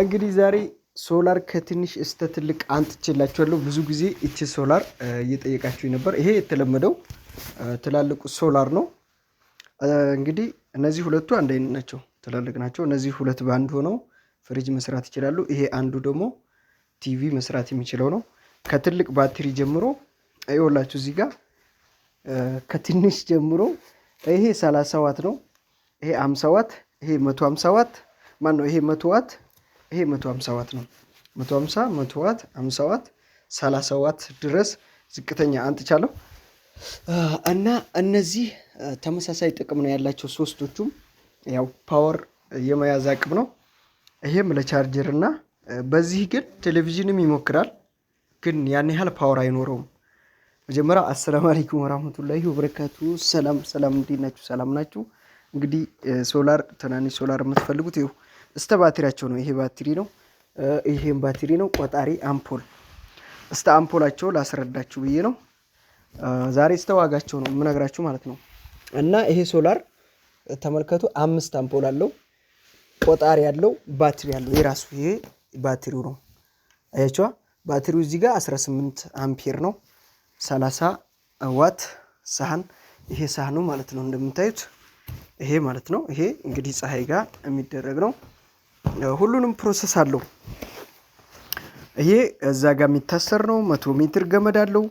እንግዲህ ዛሬ ሶላር ከትንሽ እስተ ትልቅ አንጥቼላችኋለሁ። ብዙ ጊዜ እቺ ሶላር እየጠየቃችሁ ነበር። ይሄ የተለመደው ትላልቁ ሶላር ነው። እንግዲህ እነዚህ ሁለቱ አንድ አይነት ናቸው፣ ትላልቅ ናቸው። እነዚህ ሁለት በአንድ ሆነው ፍሪጅ መስራት ይችላሉ። ይሄ አንዱ ደግሞ ቲቪ መስራት የሚችለው ነው። ከትልቅ ባትሪ ጀምሮ ይኸውላችሁ እዚህ ጋር ከትንሽ ጀምሮ ይሄ 30 ዋት ነው። ይሄ 50 ዋት፣ ይሄ 150 ዋት ማን ነው? ይሄ 100 ዋት ይሄ 150 ዋት ነው። 150 100 ዋት 50 ዋት 30 ዋት ድረስ ዝቅተኛ አንጥቻለሁ እና እነዚህ ተመሳሳይ ጥቅም ነው ያላቸው። ሶስቶቹም ያው ፓወር የመያዝ አቅም ነው። ይሄም ለቻርጀር እና በዚህ ግን ቴሌቪዥንም ይሞክራል፣ ግን ያን ያህል ፓወር አይኖረውም። መጀመሪያ አሰላም አለይኩም ወራህመቱላሂ ወበረካቱ። ሰላም ሰላም፣ እንዴት ናችሁ? ሰላም ናችሁ? እንግዲህ ሶላር ትናንሽ ሶላር የምትፈልጉት ይሁ እስተ ባትሪያቸው ነው። ይሄ ባትሪ ነው፣ ይሄም ባትሪ ነው። ቆጣሪ አምፖል፣ እስተ አምፖላቸው ላስረዳችሁ ብዬ ነው ዛሬ እስተ ዋጋቸው ነው የምነግራችሁ ማለት ነው። እና ይሄ ሶላር ተመልከቱ፣ አምስት አምፖል አለው፣ ቆጣሪ ያለው፣ ባትሪ አለው የራሱ ይሄ ባትሪው ነው። አያችዋ ባትሪው እዚህ ጋር 18 አምፔር ነው፣ 30 ዋት ሳህን ይሄ ሳህኑ ማለት ነው እንደምታዩት ይሄ ማለት ነው። ይሄ እንግዲህ ፀሐይ ጋር የሚደረግ ነው። ሁሉንም ፕሮሰስ አለው። ይሄ እዛ ጋር የሚታሰር ነው። መቶ ሜትር ገመድ አለው።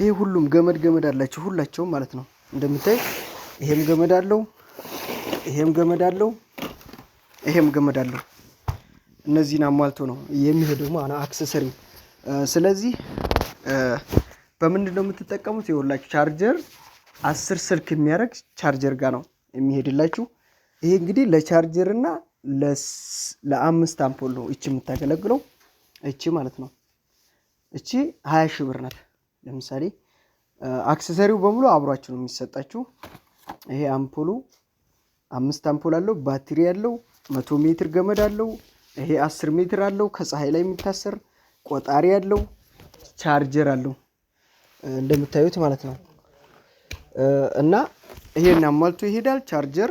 ይሄ ሁሉም ገመድ ገመድ አላቸው ሁላቸውም ማለት ነው። እንደምታይ ይሄም ገመድ አለው፣ ይሄም ገመድ አለው፣ ይሄም ገመድ አለው። እነዚህን አሟልቶ ነው የሚሄደው ማለት አክሰሰሪ። ስለዚህ በምንድን ነው የምትጠቀሙት? የሁላችሁ ቻርጀር አስር ስልክ የሚያደርግ ቻርጀር ጋር ነው የሚሄድላችሁ። ይሄ እንግዲህ ለቻርጀር እና ለአምስት አምፖል ነው እቺ የምታገለግለው እቺ ማለት ነው። እቺ ሀያ ሺህ ብር ናት። ለምሳሌ አክሰሰሪው በሙሉ አብሯችሁ ነው የሚሰጣችሁ። ይሄ አምፖሉ አምስት አምፖል አለው፣ ባትሪ አለው፣ መቶ ሜትር ገመድ አለው። ይሄ አስር ሜትር አለው፣ ከፀሐይ ላይ የሚታሰር ቆጣሪ አለው፣ ቻርጀር አለው እንደምታዩት ማለት ነው። እና ይሄን አሟልቶ ይሄዳል ቻርጀር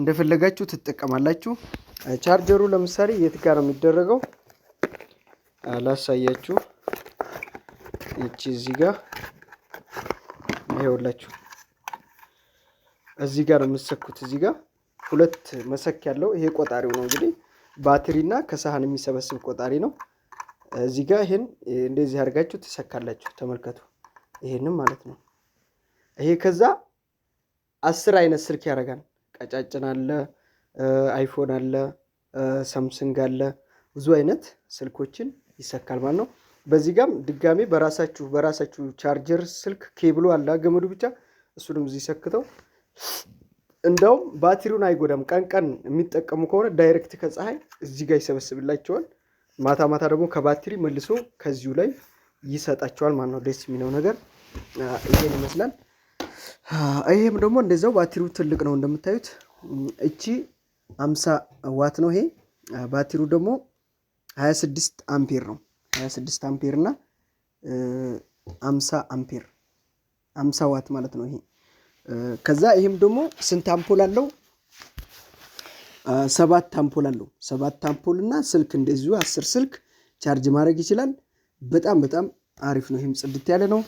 እንደፈለጋችሁ ትጠቀማላችሁ። ቻርጀሩ ለምሳሌ የት ጋር ነው የሚደረገው አላሳያችሁ። ይቺ እዚህ ጋር ይሄውላችሁ፣ እዚህ ጋር ነው የምትሰኩት። እዚህ ጋር ሁለት መሰክ ያለው ይሄ ቆጣሪው ነው እንግዲህ ባትሪ እና ከሰሃን የሚሰበስብ ቆጣሪ ነው። እዚህ ጋር ይሄን እንደዚህ አድርጋችሁ ትሰካላችሁ። ተመልከቱ፣ ይሄንም ማለት ነው። ይሄ ከዛ አስር አይነት ስልክ ያደርጋል። ቀጫጭን አለ፣ አይፎን አለ፣ ሳምሰንግ አለ። ብዙ አይነት ስልኮችን ይሰካል ማለት ነው። በዚህ ጋም ድጋሜ በራሳችሁ በራሳችሁ ቻርጀር ስልክ ኬብሎ አለ ገመዱ ብቻ እሱንም እዚህ ሰክተው እንደውም ባትሪውን አይጎዳም። ቀን ቀን የሚጠቀሙ ከሆነ ዳይሬክት ከፀሐይ እዚህ ጋር ይሰበስብላቸዋል። ማታ ማታ ደግሞ ከባትሪ መልሶ ከዚሁ ላይ ይሰጣቸዋል ማለት ነው። ደስ የሚለው ነገር ይሄን ይመስላል። ይሄም ደግሞ እንደዚው ባትሪው ትልቅ ነው እንደምታዩት እቺ ሃምሳ ዋት ነው። ይሄ ባትሪው ደግሞ 26 አምፔር ነው። 26 አምፔር እና 50 አምፔር 50 ዋት ማለት ነው። ይሄ ከዛ ይሄም ደግሞ ስንት አምፖል አለው? ሰባት አምፖል አለው። ሰባት አምፖል እና ስልክ እንደዚሁ አስር ስልክ ቻርጅ ማድረግ ይችላል። በጣም በጣም አሪፍ ነው። ይሄም ጽድት ያለ ነው።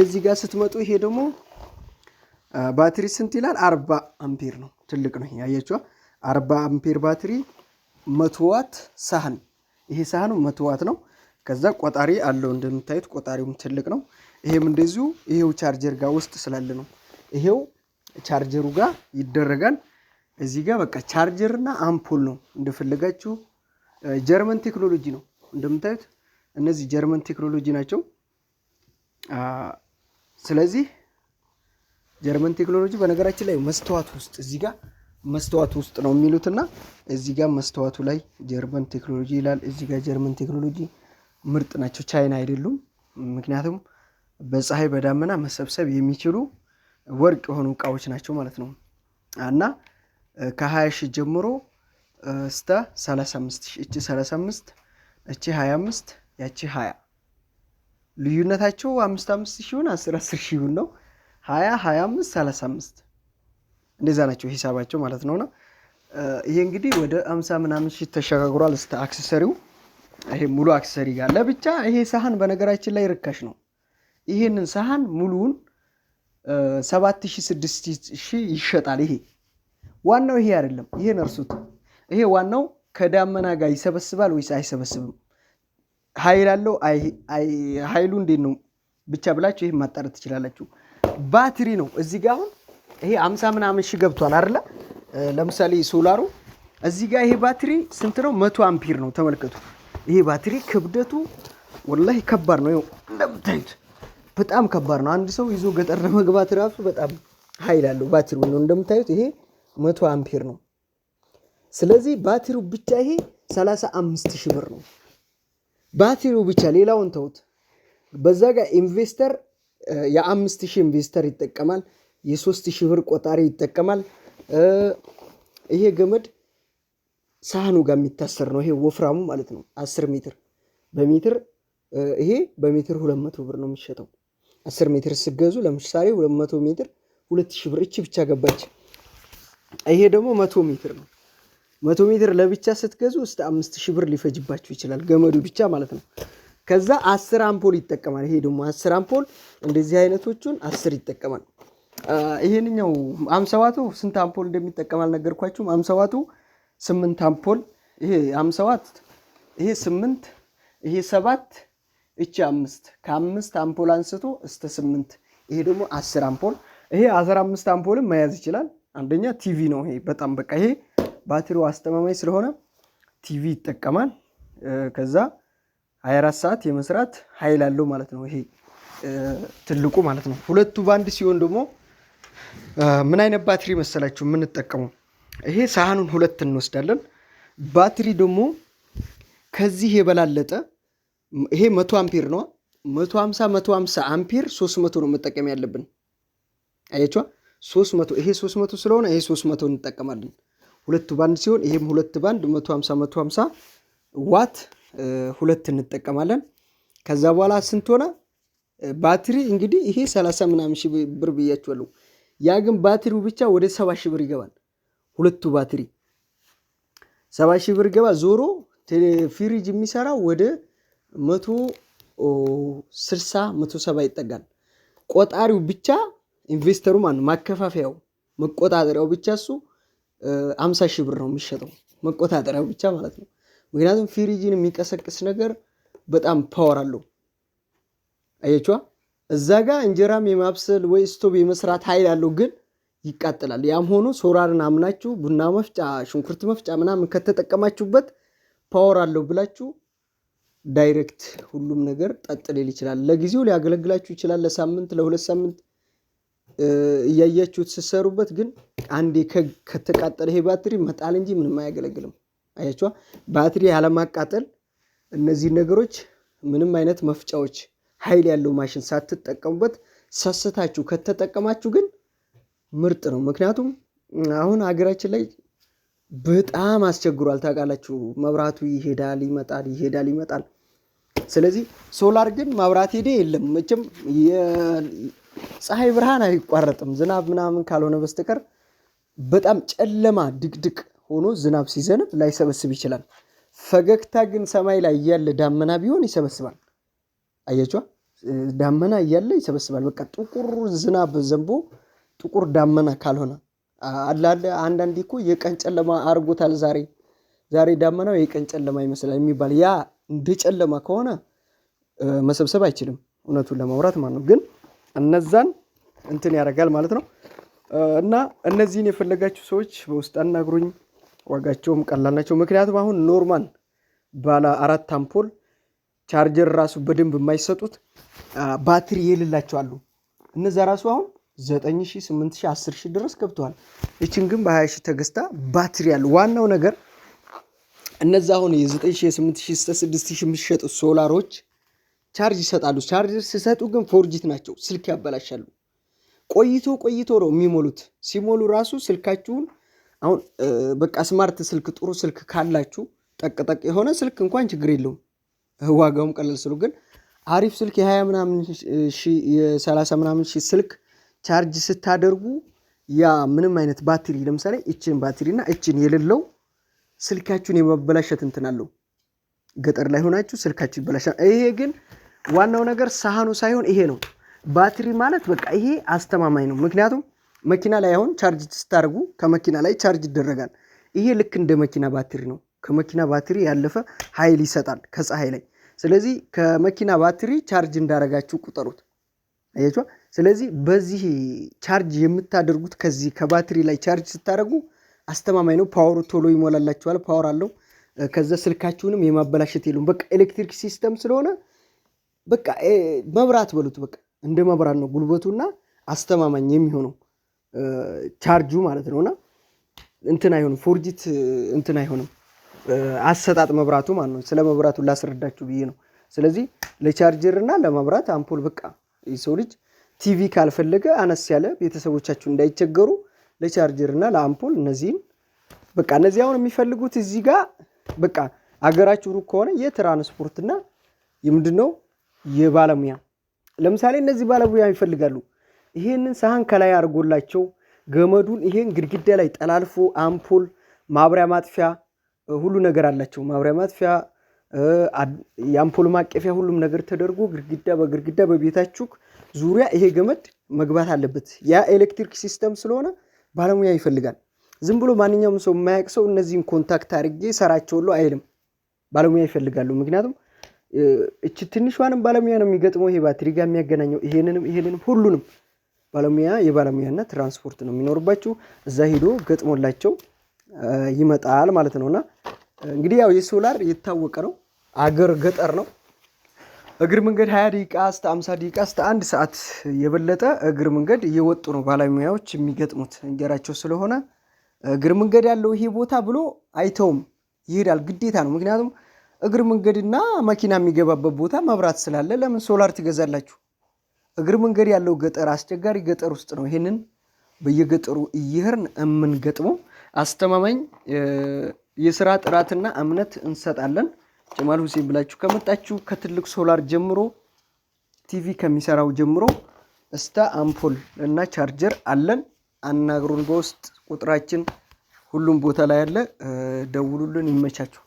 እዚህ ጋር ስትመጡ ይሄ ደግሞ ባትሪ ስንት ይላል? አርባ አምፔር ነው። ትልቅ ነው። ያያችኋል። አርባ አምፔር ባትሪ መቶ ዋት ሳህን፣ ይሄ ሳህኑ መቶ ዋት ነው። ከዛ ቆጣሪ አለው እንደምታዩት፣ ቆጣሪውም ትልቅ ነው። ይሄም እንደዚሁ ይሄው ቻርጀር ጋር ውስጥ ስላለ ነው። ይሄው ቻርጀሩ ጋር ይደረጋል። እዚህ ጋር በቃ ቻርጀርና አምፖል ነው እንደፈለጋችሁ። ጀርመን ቴክኖሎጂ ነው እንደምታዩት፣ እነዚህ ጀርመን ቴክኖሎጂ ናቸው። ስለዚህ ጀርመን ቴክኖሎጂ በነገራችን ላይ መስተዋት ውስጥ እዚህ ጋር መስተዋት ውስጥ ነው የሚሉትና እዚህ ጋር መስተዋቱ ላይ ጀርመን ቴክኖሎጂ ይላል። እዚህ ጋር ጀርመን ቴክኖሎጂ ምርጥ ናቸው። ቻይና አይደሉም። ምክንያቱም በፀሐይ በዳመና መሰብሰብ የሚችሉ ወርቅ የሆኑ እቃዎች ናቸው ማለት ነው እና ከ20 ሺህ ጀምሮ እስተ 35 ሺህ እቺ 35 እቺ 25 ያቺ 20 ልዩነታቸው አምስት አምስት ሺሁን አስር አስር ሺሁን ነው። ሀያ ሀያ አምስት ሰላሳ አምስት እንደዛ ናቸው ሂሳባቸው ማለት ነውና ይሄ እንግዲህ ወደ አምሳ ምናምን ሺህ ተሸጋግሯል። እስከ አክሰሰሪው ይሄ ሙሉ አክሰሰሪ ጋር ለብቻ ይሄ ሳህን በነገራችን ላይ ርካሽ ነው። ይሄንን ሳህን ሙሉውን ሰባት ሺህ ስድስት ሺህ ይሸጣል። ይሄ ዋናው ይሄ አይደለም፣ ይሄ እርሱት። ይሄ ዋናው ከዳመና ጋር ይሰበስባል ወይስ አይሰበስብም? ኃይል አለው ኃይሉ እንዴት ነው ብቻ ብላችሁ ይህ ማጣረት ትችላላችሁ። ባትሪ ነው። እዚህ ጋር አሁን ይሄ አምሳ ምናምን ሺህ ገብቷል አይደለ? ለምሳሌ ሶላሩ እዚህ ጋር ይሄ ባትሪ ስንት ነው? መቶ አምፒር ነው። ተመልከቱ። ይሄ ባትሪ ክብደቱ ወላሂ ከባድ ነው። እንደምታዩት በጣም ከባድ ነው። አንድ ሰው ይዞ ገጠር ለመግባት ራሱ በጣም ኃይል አለው ባትሪው ነው። እንደምታዩት ይሄ መቶ አምፒር ነው። ስለዚህ ባትሪው ብቻ ይሄ 35 ሺህ ብር ነው። ባትሪው ብቻ ሌላውን ተውት። በዛ ጋር ኢንቨስተር የአምስት ሺህ ኢንቨስተር ይጠቀማል። የሶስት ሺህ ብር ቆጣሪ ይጠቀማል። ይሄ ገመድ ሳህኑ ጋር የሚታሰር ነው። ይሄ ወፍራሙ ማለት ነው። አስር ሜትር በሜትር ይሄ በሜትር ሁለት መቶ ብር ነው የሚሸጠው። አስር ሜትር ስገዙ ለምሳሌ ሁለት መቶ ሜትር ሁለት ሺህ ብር እቺ ብቻ ገባች። ይሄ ደግሞ መቶ ሜትር ነው። መቶ ሜትር ለብቻ ስትገዙ እስከ አምስት ሺህ ብር ሊፈጅባችሁ ይችላል። ገመዱ ብቻ ማለት ነው። ከዛ አስር አምፖል ይጠቀማል። ይሄ ደግሞ አስር አምፖል እንደዚህ አይነቶቹን አስር ይጠቀማል። ይሄንኛው አምሰዋቱ ዋቱ ስንት አምፖል እንደሚጠቀም አልነገርኳችሁም። አምሰዋቱ ዋቱ ስምንት አምፖል ይሄ አምሳ ዋት ይሄ ስምንት ይሄ ሰባት እቺ አምስት ከአምስት አምፖል አንስቶ እስከ ስምንት ይሄ ደግሞ አስር አምፖል ይሄ አስራ አምስት አምፖልም መያዝ ይችላል። አንደኛ ቲቪ ነው ይሄ በጣም በቃ ይሄ ባትሪው አስተማማኝ ስለሆነ ቲቪ ይጠቀማል ከዛ 24 ሰዓት የመስራት ኃይል አለው ማለት ነው። ይሄ ትልቁ ማለት ነው። ሁለቱ ባንድ ሲሆን ደግሞ ምን አይነት ባትሪ መሰላችሁ የምንጠቀመው? ይሄ ሳህኑን ሁለት እንወስዳለን። ባትሪ ደግሞ ከዚህ የበላለጠ ይሄ መቶ አምፔር ነው። መቶ ሀምሳ መቶ ሀምሳ አምፒር ሶስት መቶ ነው መጠቀም ያለብን። አያችዋ ሶስት መቶ ይሄ ሶስት መቶ ስለሆነ ይሄ ሶስት መቶ እንጠቀማለን። ሁለቱ ባንድ ሲሆን ይሄም ሁለት ባንድ መቶ ሀምሳ መቶ ሀምሳ ዋት ሁለት እንጠቀማለን። ከዛ በኋላ ስንት ሆነ? ባትሪ እንግዲህ ይሄ ሰላሳ ምናምን ሺህ ብር ብያችኋለሁ። ያ ግን ባትሪው ብቻ ወደ ሰባ ሺህ ብር ይገባል። ሁለቱ ባትሪ ሰባ ሺህ ብር ይገባ። ዞሮ ፍሪጅ የሚሰራ ወደ መቶ ስልሳ መቶ ሰባ ይጠጋል። ቆጣሪው ብቻ ኢንቨስተሩ ማነው ማከፋፈያው መቆጣጠሪያው ብቻ እሱ አምሳ ሺህ ብር ነው የሚሸጠው መቆጣጠሪያው ብቻ ማለት ነው። ምክንያቱም ፊሪጅን የሚቀሰቅስ ነገር በጣም ፓወር አለው። አየችዋ እዛ ጋ እንጀራም የማብሰል ወይ ስቶብ የመስራት ኃይል አለው፣ ግን ይቃጠላል። ያም ሆኖ ሶራርን አምናችሁ ቡና መፍጫ፣ ሽንኩርት መፍጫ ምናምን ከተጠቀማችሁበት ፓወር አለው ብላችሁ ዳይሬክት ሁሉም ነገር ጠጥ ሊል ይችላል። ለጊዜው ሊያገለግላችሁ ይችላል፣ ለሳምንት ለሁለት ሳምንት እያያችሁት ስትሰሩበት። ግን አንዴ ከተቃጠለ ይሄ ባትሪ መጣል እንጂ ምንም አያገለግልም። አያችዋ ባትሪ ያለማቃጠል እነዚህ ነገሮች ምንም አይነት መፍጫዎች ኃይል ያለው ማሽን ሳትጠቀሙበት ሰስታችሁ ከተጠቀማችሁ ግን ምርጥ ነው። ምክንያቱም አሁን ሀገራችን ላይ በጣም አስቸግሯል። ታውቃላችሁ፣ መብራቱ ይሄዳል ይመጣል፣ ይሄዳል ይመጣል። ስለዚህ ሶላር ግን መብራት ሄደ የለም መቼም የፀሐይ ብርሃን አይቋረጥም፣ ዝናብ ምናምን ካልሆነ በስተቀር በጣም ጨለማ ድቅድቅ ሆኖ ዝናብ ሲዘንብ ላይሰበስብ ይችላል። ፈገግታ ግን ሰማይ ላይ እያለ ዳመና ቢሆን ይሰበስባል። አያችዋ ዳመና እያለ ይሰበስባል። በቃ ጥቁር ዝናብ ዘንቦ ጥቁር ዳመና ካልሆነ አላለ አንዳንዴ እኮ የቀን ጨለማ አርጎታል። ዛሬ ዛሬ ዳመናው የቀን ጨለማ ይመስላል የሚባል ያ እንደ ጨለማ ከሆነ መሰብሰብ አይችልም። እውነቱን ለማውራት ማለት ነው። ግን እነዛን እንትን ያደርጋል ማለት ነው። እና እነዚህን የፈለጋችሁ ሰዎች በውስጥ አናግሩኝ። ዋጋቸውም ቀላል ናቸው። ምክንያቱም አሁን ኖርማል ባለ አራት አምፖል ቻርጀር ራሱ በደንብ የማይሰጡት ባትሪ የሌላቸው አሉ። እነዛ ራሱ አሁን 9000፣ 8000፣ 10000 ድረስ ገብተዋል። ይችን ግን በ20 ሺህ ተገዝታ ባትሪ አለ ዋናው ነገር እነዛ አሁን የ9000፣ 8000 እስከ 6000 የሚሸጡ ሶላሮች ቻርጅ ይሰጣሉ። ቻርጅ ሲሰጡ ግን ፎርጂት ናቸው፣ ስልክ ያበላሻሉ። ቆይቶ ቆይቶ ነው የሚሞሉት። ሲሞሉ ራሱ ስልካችሁን አሁን በቃ ስማርት ስልክ ጥሩ ስልክ ካላችሁ ጠቅጠቅ የሆነ ስልክ እንኳን ችግር የለውም ዋጋውም ቀለል ስሉ ግን አሪፍ ስልክ የሀያ ምናምን የሰላሳ ምናምን ሺ ስልክ ቻርጅ ስታደርጉ ያ ምንም አይነት ባትሪ ለምሳሌ እችን ባትሪ እና እችን የሌለው ስልካችሁን የመበላሸት እንትን አለው። ገጠር ላይ ሆናችሁ ስልካችሁ ይበላሻል። ይሄ ግን ዋናው ነገር ሳህኑ ሳይሆን ይሄ ነው። ባትሪ ማለት በቃ ይሄ አስተማማኝ ነው። ምክንያቱም መኪና ላይ አሁን ቻርጅ ስታደርጉ ከመኪና ላይ ቻርጅ ይደረጋል። ይሄ ልክ እንደ መኪና ባትሪ ነው። ከመኪና ባትሪ ያለፈ ኃይል ይሰጣል ከፀሐይ ላይ። ስለዚህ ከመኪና ባትሪ ቻርጅ እንዳረጋችሁ ቁጠሩት። አያችኋ። ስለዚህ በዚህ ቻርጅ የምታደርጉት ከዚህ ከባትሪ ላይ ቻርጅ ስታደርጉ አስተማማኝ ነው። ፓወሩ ቶሎ ይሞላላችኋል። ፓወር አለው። ከዛ ስልካችሁንም የማበላሸት የለውም። በቃ ኤሌክትሪክ ሲስተም ስለሆነ በቃ መብራት በሉት። በቃ እንደ መብራት ነው ጉልበቱና አስተማማኝ የሚሆነው ቻርጁ ማለት ነውና እንትን አይሆንም ፎርጂት እንትን አይሆንም አሰጣጥ መብራቱ ማለት ነው። ስለ መብራቱ ላስረዳችሁ ብዬ ነው። ስለዚህ ለቻርጀር እና ለመብራት አምፖል በቃ የሰው ልጅ ቲቪ ካልፈለገ አነስ ያለ ቤተሰቦቻችሁ እንዳይቸገሩ ለቻርጀር እና ለአምፖል እነዚህን በቃ እነዚህ አሁን የሚፈልጉት እዚህ ጋር በቃ አገራችሁ ሩቅ ከሆነ የትራንስፖርትና የምንድነው የባለሙያ ለምሳሌ እነዚህ ባለሙያ ይፈልጋሉ። ይሄንን ሳህን ከላይ አድርጎላቸው ገመዱን ይሄን ግድግዳ ላይ ጠላልፎ አምፖል፣ ማብሪያ ማጥፊያ ሁሉ ነገር አላቸው። ማብሪያ ማጥፊያ፣ የአምፖል ማቀፊያ ሁሉም ነገር ተደርጎ ግድግዳ በግድግዳ በቤታችሁ ዙሪያ ይሄ ገመድ መግባት አለበት። ያ ኤሌክትሪክ ሲስተም ስለሆነ ባለሙያ ይፈልጋል። ዝም ብሎ ማንኛውም ሰው የማያውቅ ሰው እነዚህን ኮንታክት አድርጌ ሎ አይልም። ባለሙያ ይፈልጋሉ። ምክንያቱም እች ትንሿንም ባለሙያ ነው የሚገጥመው። ይሄ ባትሪ ጋር የሚያገናኘው ይሄንንም ይሄንንም ሁሉንም ባለሙያ የባለሙያና ትራንስፖርት ነው የሚኖርባቸው። እዛ ሄዶ ገጥሞላቸው ይመጣል ማለት ነው። እና እንግዲህ ያው የሶላር የታወቀ ነው። አገር ገጠር ነው። እግር መንገድ 20 ደቂቃ እስከ 50 ደቂቃ እስከ አንድ ሰዓት የበለጠ እግር መንገድ እየወጡ ነው ባለሙያዎች የሚገጥሙት እንጀራቸው ስለሆነ እግር መንገድ ያለው ይሄ ቦታ ብሎ አይተውም ይሄዳል። ግዴታ ነው። ምክንያቱም እግር መንገድና መኪና የሚገባበት ቦታ መብራት ስላለ ለምን ሶላር ትገዛላችሁ? እግር መንገድ ያለው ገጠር አስቸጋሪ ገጠር ውስጥ ነው ይሄንን በየገጠሩ እየሄድን የምንገጥመው። አስተማማኝ የስራ ጥራትና እምነት እንሰጣለን። ጀማል ሁሴን ብላችሁ ከመጣችሁ ከትልቅ ሶላር ጀምሮ ቲቪ ከሚሰራው ጀምሮ እስተ አምፖል እና ቻርጀር አለን። አናግሩን። በውስጥ ቁጥራችን ሁሉም ቦታ ላይ አለ። ደውሉልን። ይመቻችሁ።